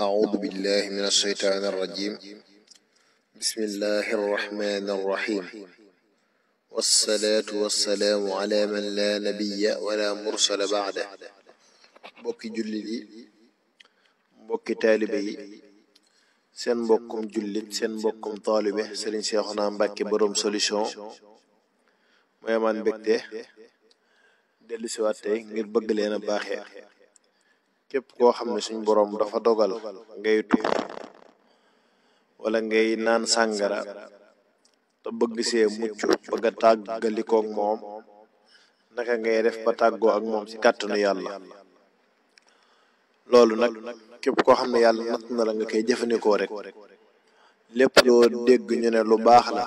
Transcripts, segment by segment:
أعوذ بالله من الشيطان الرجيم بسم الله الرحمن الرحيم والصلاة والسلام على من لا نبي ولا مرسل بعده mbokki jullit yi mbokki yi seen mbokkum jullit seen mbokkum taalibe Serigne Cheikhouna Mbacké borom solution mooy amaan mbégte dellu si waat ngir bëgg leen a képp koo xam ne suñ boroom dafa dogal ngay tuur wala ngay naan sàngara te bëgg see mucc bëgg a tàggalikoog moom naka ngay def ba tàggoo ak moom ci kàttanu yàlla loolu nag képp koo xam ne yàlla natt na la nga koy jëfandikoo rek lépp loo dégg ñu ne lu baax la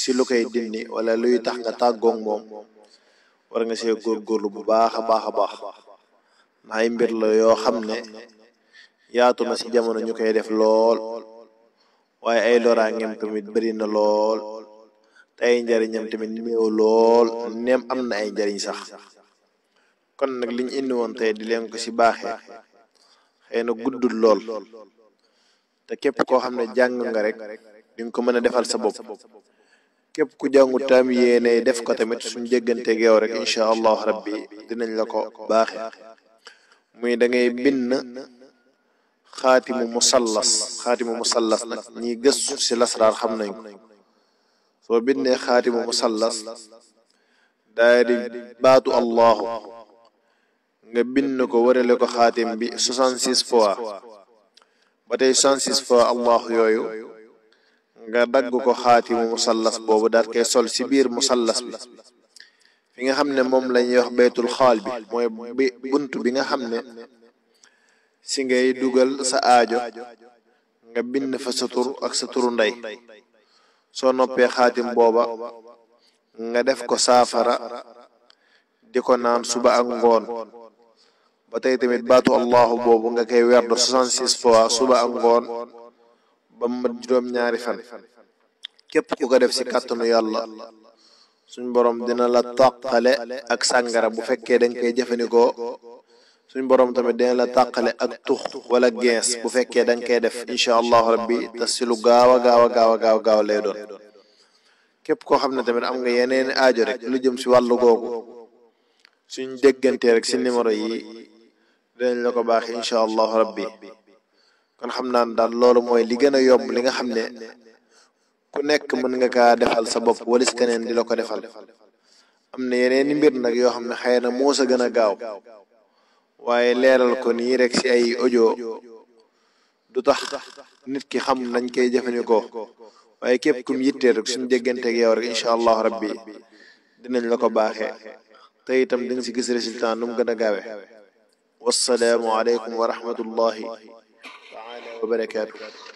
si lu koy dindi wala luy tax nga tàggook moom war nga see góorgóorlu bu baax a baax a baax ay mbir la yoo xam ne yaatuma ci jamono ñu koy def lool waaye ay loraangeem tamit bëri na lool te ay njariñam tamit néew lool nem am na ay njariñ sax kon nag liñ indi woon tey di leen ko si baaxee xëy na guddul lool te képp koo xam ne jàng nga rek di nga ko mën a defal sa bopp képp ku jàngu tam yéene def ko tamit suñ jégganteeg yow rek incha allahu rabbi dinañ la ko baaxee muy da ngay bind xaatimu musallas xaatimu musallas nag ñi gëstu ci lasraar xam nañ ko soo bindee xaatimu musallas daay di baatu allahu nga bind ko warale ko xaatim bi soixante-six fois ba tey soixante-six fois allahu yooyu nga dagg ko xaatimu musallas boobu daat koy sol si biir musallas bi fi nga xam ne moom la ñuy wax baytul xaal bi mooy bi bunt bi nga xam ne si ngay dugal sa aajo nga bind fa sa tur ak sa turu ndey soo noppee xaatim booba nga def ko saafara di ko naan suba ak ngoon ba tey tamit baatu allahu boobu nga koy werdo 66 fois suba ak ngoon ba mu mat juróom-ñaari fan képp ku ko def si kàttanu yàlla suñ borom dina la tàqale ak sàngara bu fekkee danga koy jëfandikoo suñ borom tamit dina la tàqale ak tux wala gees bu fekkee danga koy def incha allahu rabbi te si lu gaaw a gaaw a gaaw a gaaw gaaw lay doon képp koo xam ne tamit am nga yeneen aajo rek lu jëm si wàllu googu suñ déggantee rek si numéro yi dinañ la ko baax incha allahu rabbi kon xam naan daal loolu mooy li gën a yomb li nga xam ne ku nekk mën nga ka defal sa bopp walis keneen di la ko defal am na yeneen i mbir nag yoo xam ne xëy na moo sa gën a gaaw waaye leeral ko nii rek ci ay audio du tax nit ki xam nañ koy jëfandikoo waaye képp kum yittee rek suñu dégganteeg yow rek incha allahu rabbi dinañ la ko baaxee te itam di nga ci gis résultat nu mu gën a gaawee wassalaamu aleykum wa rahmatullahi taala wa barakaatu